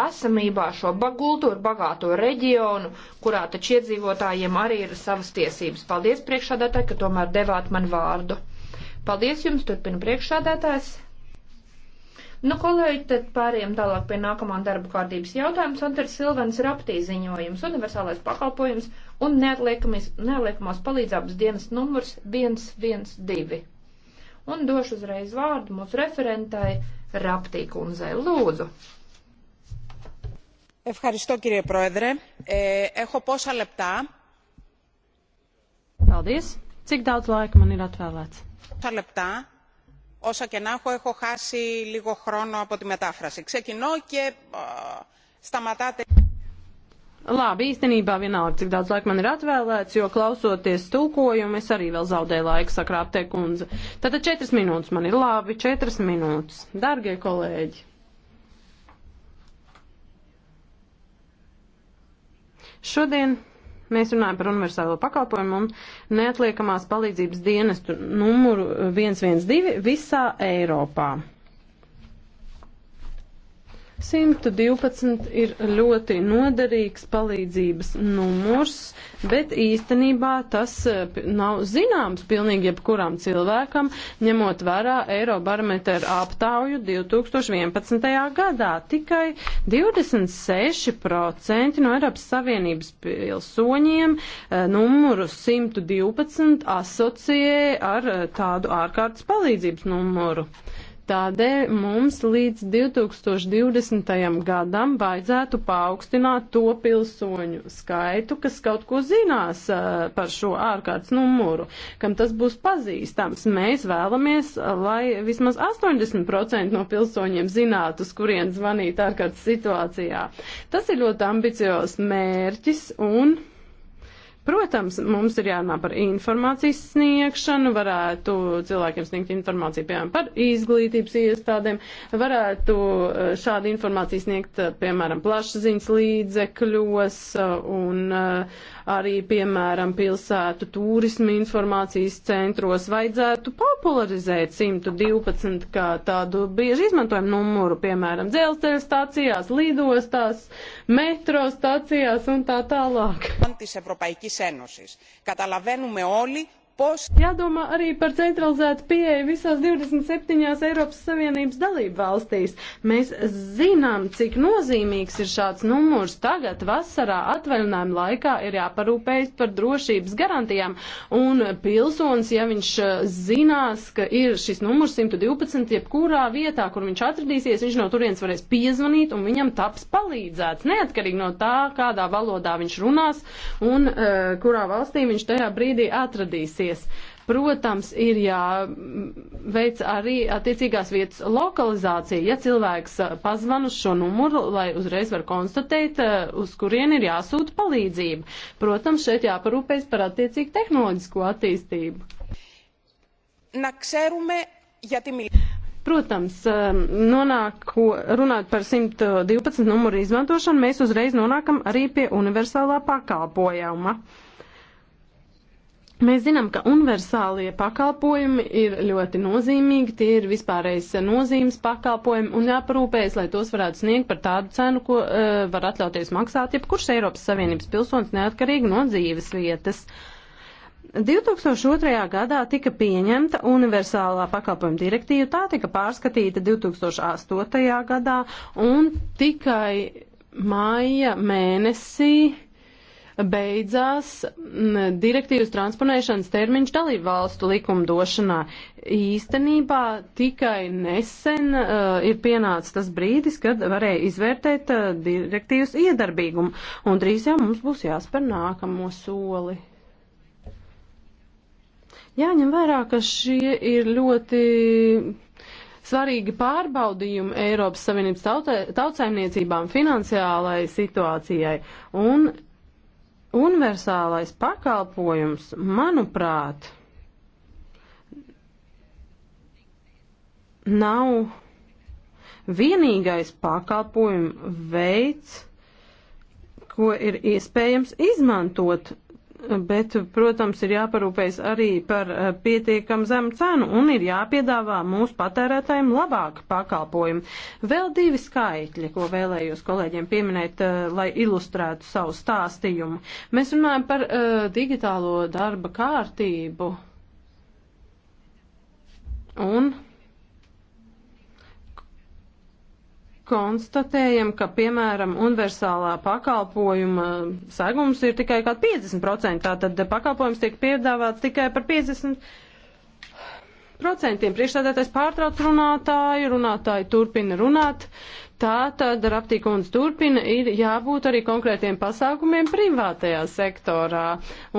esamībā šo bagultūru bagāto reģionu, kurā taču iedzīvotājiem arī ir savas tiesības. Paldies priekšādātāji, ka tomēr devāt man vārdu. Paldies jums, turpina priekšādātājs. Nu, kolēģi, tad pāriem tālāk pie nākamā darba kārtības jautājums. Antars Silvens Raptī ziņojums, universālais pakalpojums un neatliekamās palīdzības dienas numurs 112. Un došu uzreiz vārdu mūsu referentai Raptī kundzei. Lūdzu! Ευχαριστώ, κύριε Πρόεδρε. Ε, έχω πόσα λεπτά. Paldies. Cik daudz laika man ir atvēlēts? Πόσα λεπτά. Όσα και να έχω, έχω χάσει λίγο χρόνο από τη μετάφραση. Ξεκινώ και uh, σταματάτε. Labi, īstenībā vienalga, cik daudz laika man ir atvēlēts, jo klausoties tulkojumu, es arī vēl zaudēju laiku, saka Aptē kundze. Tātad četras minūtes man ir labi, četras minūtes. Dargie kolēģi! Šodien mēs runājam par universālo pakalpojumu un neatliekamās palīdzības dienestu numuru 112 visā Eiropā. 112 ir ļoti noderīgs palīdzības numurs, bet īstenībā tas eh, nav zināms pilnīgi jebkuram cilvēkam, ņemot vērā Eirobarometru aptauju 2011. gadā. Tikai 26% no Eiropas Savienības pilsoņiem eh, numuru 112 asociē ar eh, tādu ārkārtas palīdzības numuru. Tādēļ mums līdz 2020. gadam vajadzētu paaugstināt to pilsoņu skaitu, kas kaut ko zinās eh, par šo ārkārtas numuru, kam tas būs pazīstams. Mēs vēlamies, lai vismaz 80% no pilsoņiem zinātu, uz kurien zvanīt ārkārtas situācijā. Tas ir ļoti ambiciozs mērķis un. Protams, mums ir jārunā par informācijas sniegšanu, varētu cilvēkiem sniegt informāciju, piemēram, par izglītības iestādēm, varētu eh, šādu informāciju sniegt, eh, piemēram, plašsaziņas līdzekļos eh, un uh, arī, piemēram, pilsētu turismu informācijas centros vajadzētu popularizēt 112 kā tādu bieži izmantojumu numuru, piemēram, dzelzceļa stācijās, lidostās, metro stācijās un tā tālāk. Της Ευρωπαϊκής Ένωσης. Καταλαβαίνουμε όλοι πώς... Jādomā arī par centralizētu pieeju visās 27 Eiropas Savienības dalību valstīs. Mēs zinām, cik nozīmīgs ir šāds numurs. Tagad vasarā atvaļinājuma laikā ir jāparūpējas par drošības garantijām. Un pilsonis, ja viņš eh, zinās, ka ir šis numurs 112, jebkurā vietā, kur viņš atradīsies, viņš no turienes varēs piezvanīt un viņam taps palīdzēts. Neatkarīgi no tā, kādā valodā viņš runās un uh, kurā valstī viņš tajā brīdī atradīsies darboties. Protams, ir jāveic arī attiecīgās vietas lokalizācija. Ja cilvēks uh, pazvan uz šo numuru, lai uzreiz var konstatēt, uh, uz kurien ir jāsūta palīdzība. Protams, šeit jāparūpēs par attiecīgu tehnoloģisko attīstību. Nakšērume, ja timī. Protams, um, nonāku, runāt par 112 numuru izmantošanu, mēs uzreiz nonākam arī pie universālā pakalpojuma. Mēs zinām, ka universālie pakalpojumi ir ļoti nozīmīgi, tie ir vispārreiz nozīmes pakalpojumi un jāparūpējas, lai tos varētu sniegt par tādu cenu, ko uh, var atļauties maksāt jebkurš Eiropas Savienības pilsonis neatkarīgi no dzīves vietas. 2002. gadā tika pieņemta universālā pakalpojuma direktīva, tā tika pārskatīta 2008. gadā un tikai maija mēnesī beidzās direktīvas transponēšanas termiņš dalību valstu likumdošanā. Īstenībā tikai nesen uh, ir pienācis tas brīdis, kad varēja izvērtēt uh, direktīvas iedarbīgumu, un drīz jau mums būs jāspēr nākamo soli. Jāņem vērā, ka šie ir ļoti svarīgi pārbaudījumi Eiropas Savienības tauta, tautsaimniecībām, finansiālai situācijai. Un universālais pakalpojums, manuprāt, nav vienīgais pakalpojumu veids, ko ir iespējams izmantot Bet, protams, ir jāparūpējas arī par eh, pietiekam zemu cenu un ir jāpiedāvā mūsu patērētājiem labāka pakalpojuma. Vēl divi skaitļi, ko vēlējos kolēģiem pieminēt, eh, lai ilustrētu savu stāstījumu. Mēs runājam par uh, digitālo darba kārtību. Un konstatējam, ka, piemēram, universālā pakalpojuma segums ir tikai kaut 50%, tātad pakalpojums tiek piedāvāts tikai par 50%. Priekšstādātais pārtrauc runātāju, runātāji turpina runāt, Tā tad Raptīkons turpina, ir jābūt arī konkrētiem pasākumiem privātajā sektorā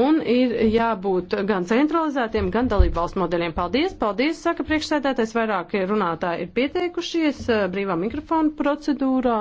un ir jābūt gan centralizētiem, gan dalībvalstu modeļiem. Paldies, paldies, saka priekšsēdētais, vairākie runātāji ir pieteikušies eh, brīvā mikrofona procedūrā.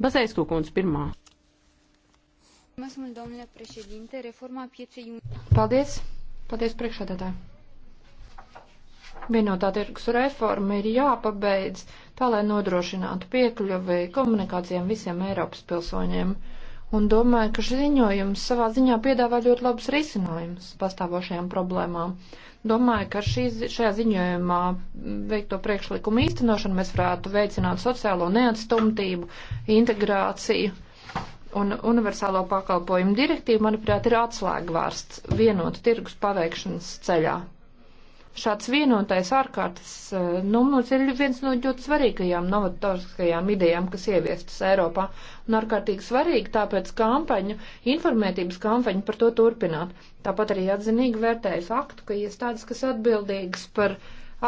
Basējas kūkons pirmā. Paldies, paldies priekšsēdētāji. Vienotā tirgus reforma ir jāpabeidz tā, lai nodrošinātu piekļuvi komunikācijām visiem Eiropas pilsoņiem. Un domāju, ka šis ziņojums savā ziņā piedāvā ļoti labus risinājumus pastāvošajām problēmām. Domāju, ka šī, šajā ziņojumā veikto priekšlikumu īstenošanu mēs varētu veicināt sociālo neatstumtību, integrāciju un universālo pakalpojumu direktīvu, manuprāt, ir atslēgvārsts vienotu tirgus paveikšanas ceļā. Šāds vienotais ārkārtas eh, numurs ir viens no ļoti svarīgajām novatoriskajām idejām, kas ieviestas Eiropā. Un ārkārtīgi svarīgi tāpēc kampaņu, informētības kampaņu par to turpināt. Tāpat arī atzinīgi vērtēju faktu, ka iestādes, kas atbildīgas par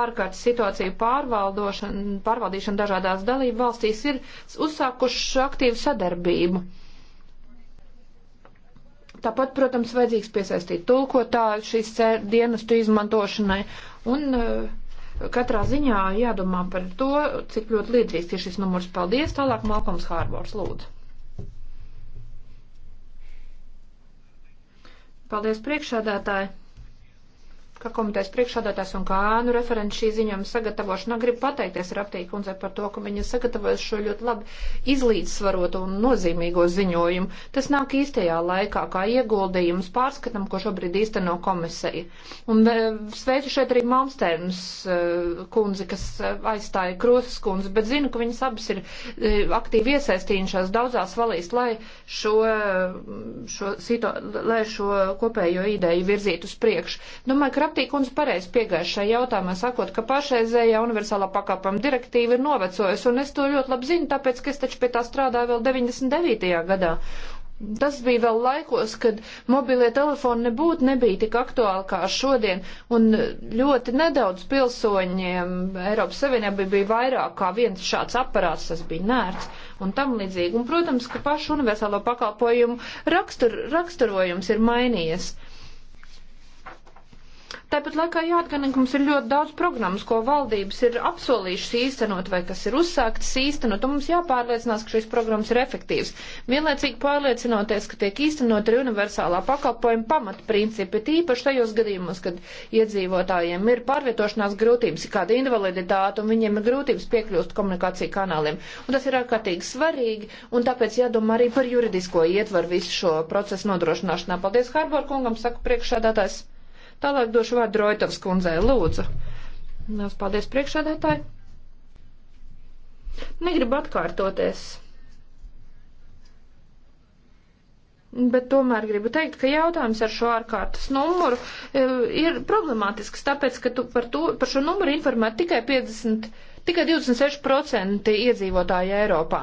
ārkārtas situāciju pārvaldīšanu dažādās dalību valstīs, ir uzsākušas aktīvu sadarbību Tāpat, protams, vajadzīgs piesaistīt tulkotāju šīs dienestu izmantošanai un eh, katrā ziņā jādomā par to, cik ļoti līdzīgs ir šis numurs. Paldies! Tālāk Malkoms Hārbors lūdzu. Paldies priekšādātāji! ka komitejas priekšādātājs un kā ānu referents šī ziņojuma sagatavošanā grib pateikties Raptīkundzei par to, ka viņa sagatavojas šo ļoti labi izlīdzsvarotu un nozīmīgo ziņojumu. Tas nāk īstajā laikā kā ieguldījums pārskatam, ko šobrīd īsteno komisija. Un e, sveicu šeit arī Malmstērns e, kundzi, kas e, aizstāja Krosas kundzi, bet zinu, ka viņas abas ir aktīvi iesaistījušās daudzās valīs, lai šo, šo, sito, lai šo kopējo ideju virzītu uz priekšu. Domāju, ka Raptīk un pareiz piegājušajā jautājumā sakot, ka pašreizējā universālā pakāpama direktīva ir novecojusi, un es to ļoti labi zinu, tāpēc, ka es taču pie tā strādāju vēl 99. gadā. Tas bija vēl laikos, kad mobilie telefoni nebūtu nebija tik aktuāli kā šodien, un ļoti nedaudz pilsoņiem Eiropas Savienībā bija vairāk kā viens šāds aparāts, tas bija nērts un tam līdzīgi. Un, protams, ka pašu universālo pakalpojumu rakstur, raksturojums ir mainījies. Uh, Tāpat laikā jāatgādina, ka mums ir ļoti daudz programmas, ko valdības ir apsolījušas īstenot vai kas ir uzsāktas īstenot, un mums jāpārliecinās, ka šīs programmas ir efektīvas. Vienlaicīgi pārliecinoties, ka tiek īstenot arī universālā pakalpojuma pamatprincipi, tīpaši tajos gadījumos, kad iedzīvotājiem ir pārvietošanās grūtības, kāda invaliditāte, un viņiem ir grūtības piekļūst komunikāciju kanāliem. Un tas ir ārkārtīgi svarīgi, un tāpēc jādomā arī par juridisko ietvaru visu šo procesu nodrošināšanā. Paldies Harbor kungam, saku priekšādātājs. Tālāk došu vārdu Roitovs kundzei. Lūdzu. Nāc, paldies priekšādātāji. Negribu atkārtoties. Bet tomēr gribu teikt, ka jautājums ar šo ārkārtas numuru e, ir problemātisks, tāpēc, ka tu par, to, par šo numuru informē tikai 50, tikai 26% iedzīvotāji Eiropā.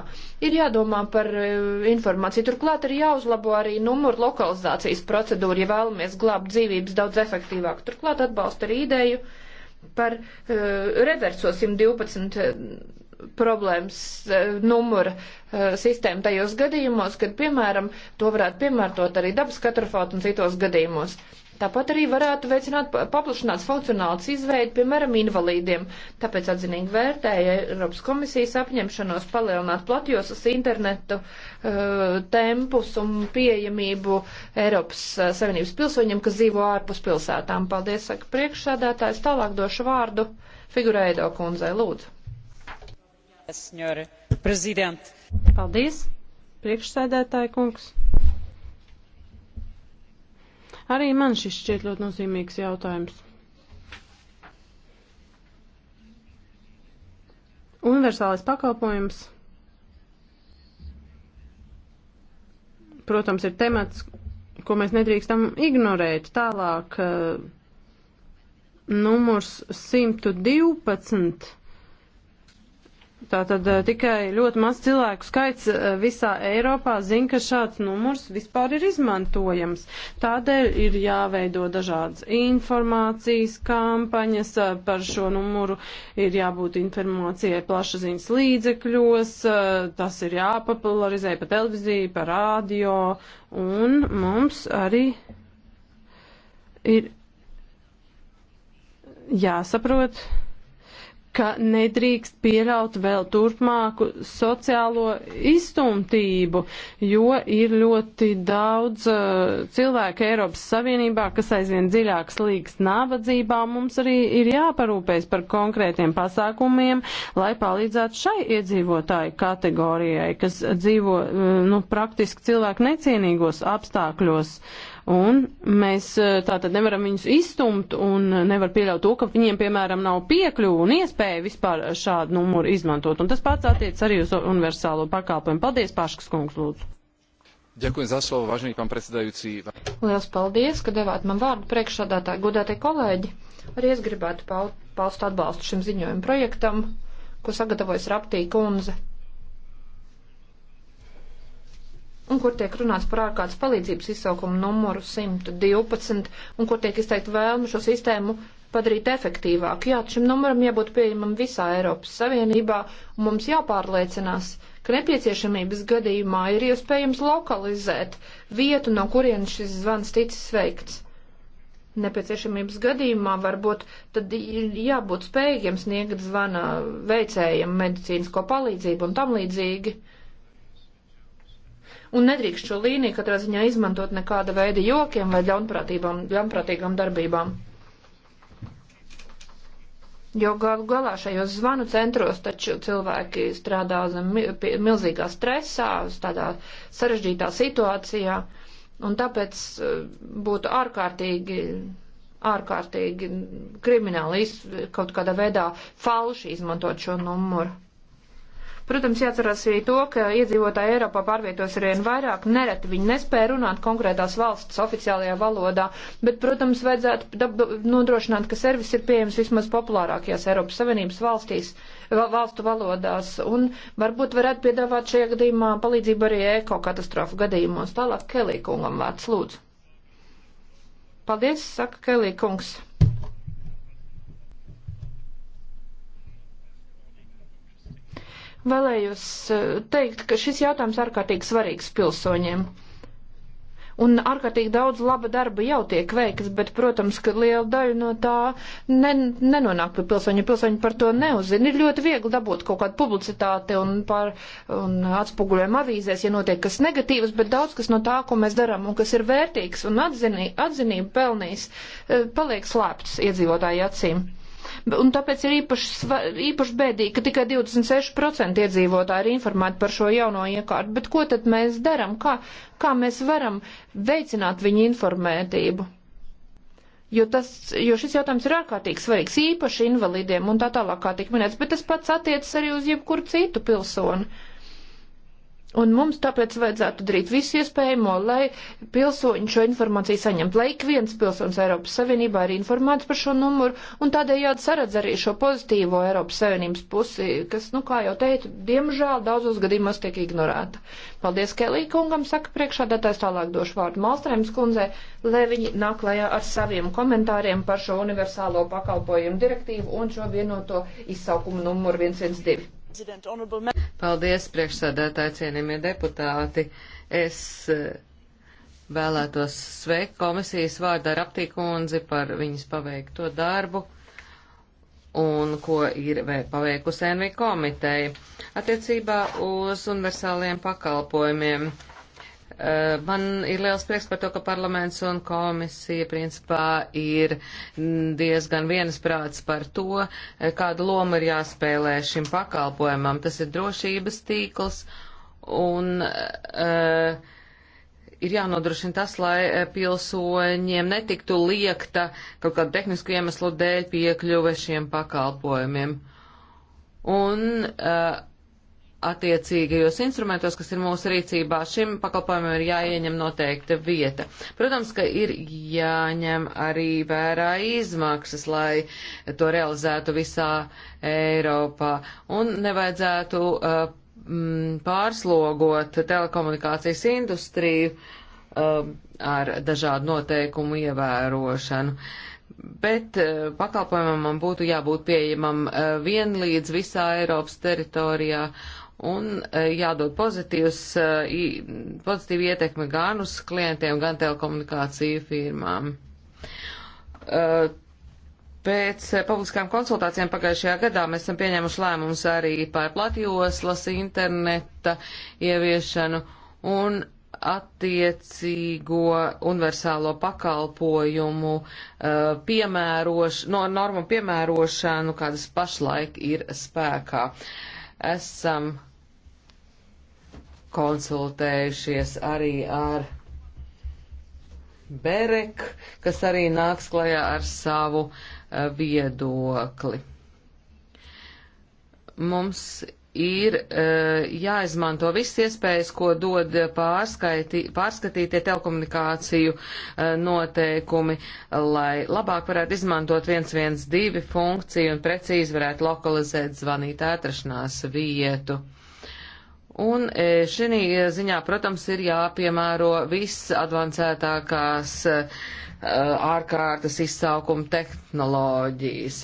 Ir jādomā par e, informāciju. Turklāt ir jāuzlabo arī numuru lokalizācijas procedūra, ja vēlamies glābt dzīvības daudz efektīvāk. Turklāt atbalsta arī ideju par uh, reverso 112 problēmas eh, numura eh, sistēmu tajos gadījumos, kad, piemēram, to varētu piemērtot arī dabas katastrofāt un citos gadījumos. Tāpat arī varētu veicināt paplašināts funkcionāls izveidi, piemēram, invalīdiem. Tāpēc atzinīgi vērtēja Eiropas komisijas apņemšanos palielināt platjosas internetu uh, tempus un pieejamību Eiropas Savienības pilsoņiem, kas dzīvo ārpus pilsētām. Paldies, saka priekšsēdētājs. Tālāk došu vārdu Figurēdo kundzei. Lūdzu. Paldies, priekšsēdētāja kungs. Arī man šis šķiet ļoti nozīmīgs jautājums. Universālais pakalpojums, protams, ir temats, ko mēs nedrīkstam ignorēt. Tālāk, eh, numurs 112 Tātad eh, tikai ļoti maz cilvēku skaits eh, visā Eiropā zina, ka šāds numurs vispār ir izmantojams. Tādēļ ir jāveido dažādas informācijas kampaņas eh, par šo numuru, ir jābūt informācijai plašsaziņas līdzekļos, tas ir jāpopularizē pa televīziju, pa rādio, un mums arī ir jāsaprot ka nedrīkst pieļaut vēl turpmāku sociālo izstumtību, jo ir ļoti daudz uh, cilvēku Eiropas Savienībā, kas aizvien dziļāk slīgs nabadzībā. Mums arī ir jāparūpēs par konkrētiem pasākumiem, lai palīdzētu šai iedzīvotāju kategorijai, kas dzīvo uh, nu, praktiski cilvēku necienīgos apstākļos. Uh, Un mēs eh, tātad nevaram viņus izstumt un nevar pieļaut to, ka viņiem, piemēram, nav piekļuvu un iespēja vispār šādu numuru izmantot. Un tas pats attiec arī uz universālo pakalpojumu. Paldies, Paškas kungs, lūdzu. Ďakujem za slovo, vážený pán predsedajúci. Lielas paldies, ka devāt man vārdu priekšsādātāji, godātie kolēģi. Arī es gribētu paust atbalstu šim ziņojumu projektam, ko sagatavojas Raptī kundze. un kur tiek runāts par ārkārtas palīdzības izsaukumu numuru 112, un kur tiek izteikta vēlme šo sistēmu padarīt efektīvāku. Jā, šim numuram jābūt pieejamam visā Eiropas Savienībā, un mums jāpārliecinās, ka nepieciešamības gadījumā ir iespējams lokalizēt vietu, no kurienes šis zvans ticis veikts. Nepieciešamības gadījumā varbūt tad jābūt spējīgiem sniegt zvana veicējiem medicīnisko palīdzību un tam līdzīgi. Uh, Un nedrīkst šo līniju katrā ziņā izmantot nekāda veida jokiem vai ļaunprātīgām darbībām. Jo galu galā šajos zvanu centros taču cilvēki strādā zem milzīgā stresā, tādā sarežģītā situācijā, un tāpēc eh, būtu ārkārtīgi, ārkārtīgi krimināli kaut kādā veidā falši izmantot šo numuru. Protams, jāatcerās arī to, ka iedzīvotāji Eiropā pārvietos arvien vairāk, nereti viņi nespēja runāt konkrētās valsts oficiālajā valodā, bet, protams, vajadzētu nodrošināt, ka servis ir pieejams vismaz populārākajās Eiropas Savienības valstīs, valstu valodās, un varbūt varētu piedāvāt šajā gadījumā palīdzību arī eko katastrofu gadījumos. Tālāk Kelī kungam vārds lūdzu. Paldies, saka Kelī kungs. Vēlējos eh, teikt, ka šis jautājums ārkārtīgi svarīgs pilsoņiem. Un ārkārtīgi daudz laba darba jau tiek veikts, bet, protams, ka liela daļa no tā ne, nenonāk pie pilsoņa. Pilsoņi par to neuzina. Ir ļoti viegli dabūt kaut kādu publicitāti un, par, un atspoguļojumu avīzēs, ja notiek kas negatīvs, bet daudz kas no tā, ko mēs darām un kas ir vērtīgs un atzinī, atzinību pelnījis, eh, paliek slēpts iedzīvotāju acīm un tāpēc ir īpaši, īpaši bēdīgi, ka tikai 26% iedzīvotāji ir informēti par šo jauno iekārtu. Bet ko tad mēs daram? Kā, kā mēs varam veicināt viņu informētību? Jo, tas, jo šis jautājums ir ārkārtīgi svarīgs, īpaši invalīdiem un tā tālāk, kā tik minēts, bet tas pats attiecas arī uz jebkuru citu pilsoni. Un mums tāpēc vajadzētu darīt visu iespējamo, lai pilsoņi šo informāciju saņemtu, lai ik viens pilsonis Eiropas Savienībā ir informēts par šo numuru, un tādējādi saredz arī šo pozitīvo Eiropas Savienības pusi, kas, nu, kā jau teicu, diemžēl daudzos gadījumos tiek ignorēta. Paldies Kelī kungam, saka priekšādātājs, tālāk došu vārdu Malstrēms kundzē, lai viņi nāk lajā ar saviem komentāriem par šo universālo pakalpojumu direktīvu un šo vienoto izsaukumu numuru 112. Paldies, priekšsādātāji, cienījamie deputāti. Es eh, vēlētos sveikt komisijas vārdā Raptīkundzi par viņas paveikto darbu un ko ir paveikusi Envi komiteja attiecībā uz universāliem pakalpojumiem. Eh, man ir liels prieks par to, ka parlaments un komisija principā ir diezgan viensprāts par to, eh, kādu lomu ir jāspēlē šim pakalpojumam. Tas ir drošības tīkls un uh, ir jānodrošina tas, lai pilsoņiem netiktu liekta kaut kādu tehnisku iemeslu dēļ piekļuve šiem pakalpojumiem. Un uh, attiecīgajos instrumentos, kas ir mūsu rīcībā, šim pakalpojumam ir jāieņem noteikta vieta. Protams, ka ir jāņem arī vērā izmaksas, lai to realizētu visā Eiropā. Un nevajadzētu uh, mm, pārslogot telekomunikācijas industriju uh, ar dažādu noteikumu ievērošanu. Bet uh, pakalpojumam būtu jābūt pieejamam uh, vienlīdz visā Eiropas teritorijā un e, jādod pozitīvs, e, pozitīva ietekme gan uz klientiem, gan telekomunikāciju firmām. E, pēc publiskām konsultācijām pagājušajā gadā mēs esam pieņēmuši lēmumus arī par platjoslas interneta ieviešanu un attiecīgo universālo pakalpojumu piemērošanu, no normu piemērošanu, kādas pašlaik ir spēkā. Uh, esam konsultējušies arī ar Berek, kas arī nāks klajā ar savu eh, viedokli. Mums ir eh, jāizmanto visas iespējas, ko dod pārskatītie telekomunikāciju eh, noteikumi, lai labāk varētu izmantot 112 funkciju un precīzi varētu lokalizēt zvanītāju atrašanās vietu. Un eh, šī ziņā, protams, ir jāpiemēro viss advancētākās ārkārtas izsaukuma tehnoloģijas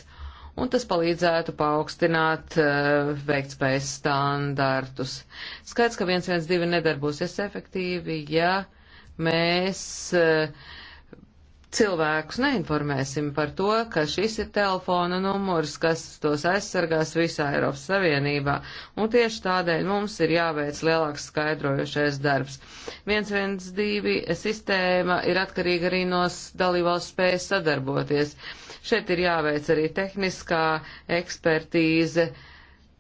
un tas palīdzētu paaugstināt uh, veiktspējas standartus. Skaidrs, ka 112 nedarbosies efektīvi, ja mēs uh, cilvēkus neinformēsim par to, ka šis ir telefona numurs, kas tos aizsargās visā Eiropas Savienībā, un tieši tādēļ mums ir jāveic lielāks skaidrojušais darbs. 112 sistēma ir atkarīga arī no dalībvalsts spējas sadarboties. Šeit ir jāveic arī tehniskā ekspertīze, uh,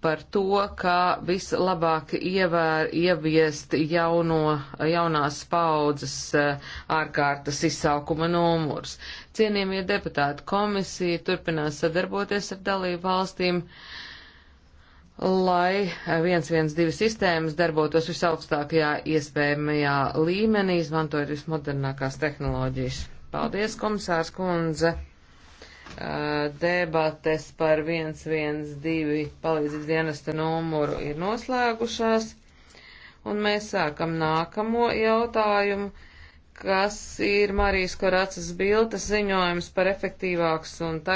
par to, kā vislabāk ievēr, ieviest jauno, jaunās paudzes eh, ārkārtas izsaukuma numurs. Cienījamie deputāti, komisija turpinās sadarboties ar dalību valstīm, lai 112 eh, sistēmas darbotos visaugstākajā iespējamajā līmenī, izmantojot vismodernākās tehnoloģijas. Paldies, komisārs kundze! debates par 112 palīdzības dienesta numuru ir noslēgušās, un mēs sākam nākamo jautājumu, kas ir Marijas Koracas Biltas ziņojums par efektīvāks un taisnīgāks.